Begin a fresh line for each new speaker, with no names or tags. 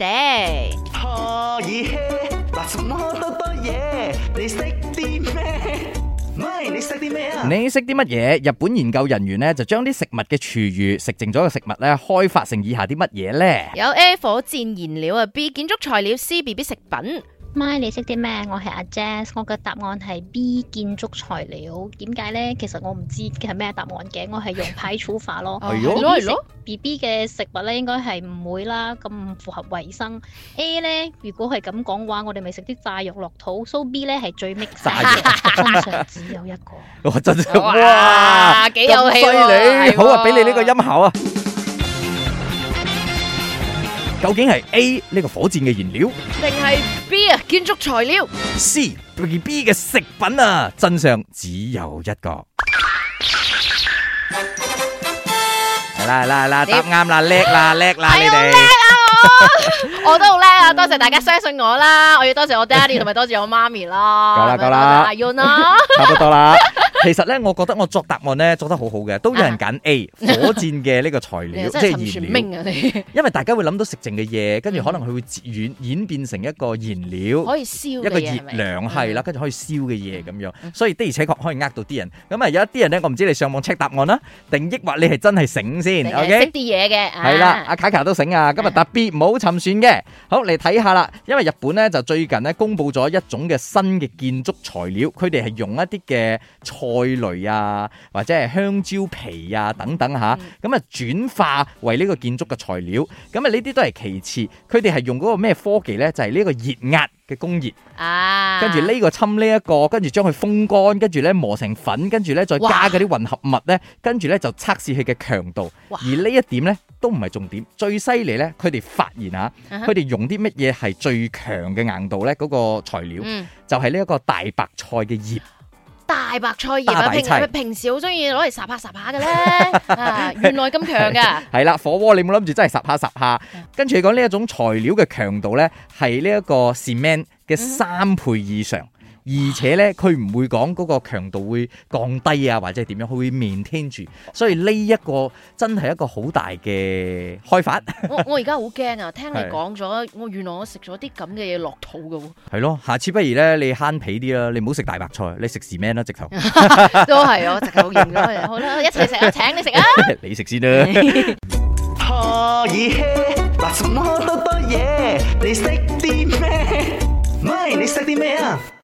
可
以吃，話麼多多嘢，你識啲咩？咪你識啲咩啊？你識啲乜嘢？日本研究人員咧就將啲食物嘅廚餘食剩咗嘅食物咧，開發成以下啲乜嘢咧？有 A 火箭燃料啊，B 建築材料，C B B 食品。咪你識啲咩？我係阿 Jazz。我嘅答案係 B 建築材料。點解咧？其實我唔知係咩答案嘅。我係用排除法咯。係咯係咯。B B 嘅食物咧，應該係唔會啦，咁唔符合衛生。 A 咧，如果係咁講嘅話，我哋咪食啲炸肉落肚。So B 咧係最搣晒，答案 只有一個。我真係哇，幾有氣！犀利！好啊，俾的你呢個音效啊！究竟係 A 呢個火箭嘅燃料，定係 B 啊建築材料，C B B 嘅食品啊？真相只有一個。係啦係啦係啦，答啱啦叻啦叻啦你哋叻啦。我叻啊！我都好叻啊！多謝大家相信我啦，我要多謝我爹哋同埋多謝我媽咪啦。夠啦夠啦，要啦，差唔多啦。其實咧，我覺得我作答案咧作得好好嘅，都有人揀 A 火箭嘅呢個材料，即係燃料。因為大家會諗到食剩嘅嘢，跟住可能佢會演演變成一個燃料，可以燒一個熱量係啦，跟住可以燒嘅嘢咁樣。所以的而且確可以呃到啲人。咁啊，有一啲人咧，我唔知你上網 check 答案啦，定抑或你係真係醒先？識啲嘢嘅。係啦，阿卡卡都醒啊！今日特別冇沉船嘅。好，嚟睇下啦，因為日本咧就最近咧公布咗一種嘅新嘅建築材料，佢哋係用一啲嘅材，菜類啊，或者係香蕉皮啊等等吓，咁啊轉化為呢個建築嘅材料，咁啊呢啲都係其次。佢哋係用嗰個咩科技呢？就係呢一個熱壓嘅工業啊。跟住呢個侵呢、這、一個，跟住將佢風乾，跟住呢磨成粉，跟住呢再加嗰啲混合物呢，跟住呢就測試佢嘅強度。而呢一點呢，都唔係重點，最犀利呢，佢哋發現吓，佢哋用啲乜嘢係最強嘅硬度呢？嗰個材料就係呢一個大白菜嘅葉。大白菜葉啊，平平時好中意攞嚟撒下撒下嘅咧， 原來咁強㗎。係啦， 火鍋你冇諗住真係撒下撒下，嗯、跟住你講呢一種材料嘅強度咧，係呢一個 cement 嘅三倍以上。嗯而且咧，佢唔會講嗰個強度會降低啊，或者係點樣，佢會 maintain 住。所以呢一個真係一個好大嘅開發。我我而家好驚啊！聽你講咗，我的、哦、原來我食咗啲咁嘅嘢落肚噶喎。係咯，下次不如咧，你慳皮啲啦，你唔好食大白菜，你食屎咩啦， 直頭。都係我直頭唔該，好啦，一齊食啊，請 你食先啊、 oh, yeah，你食先啦。My, 你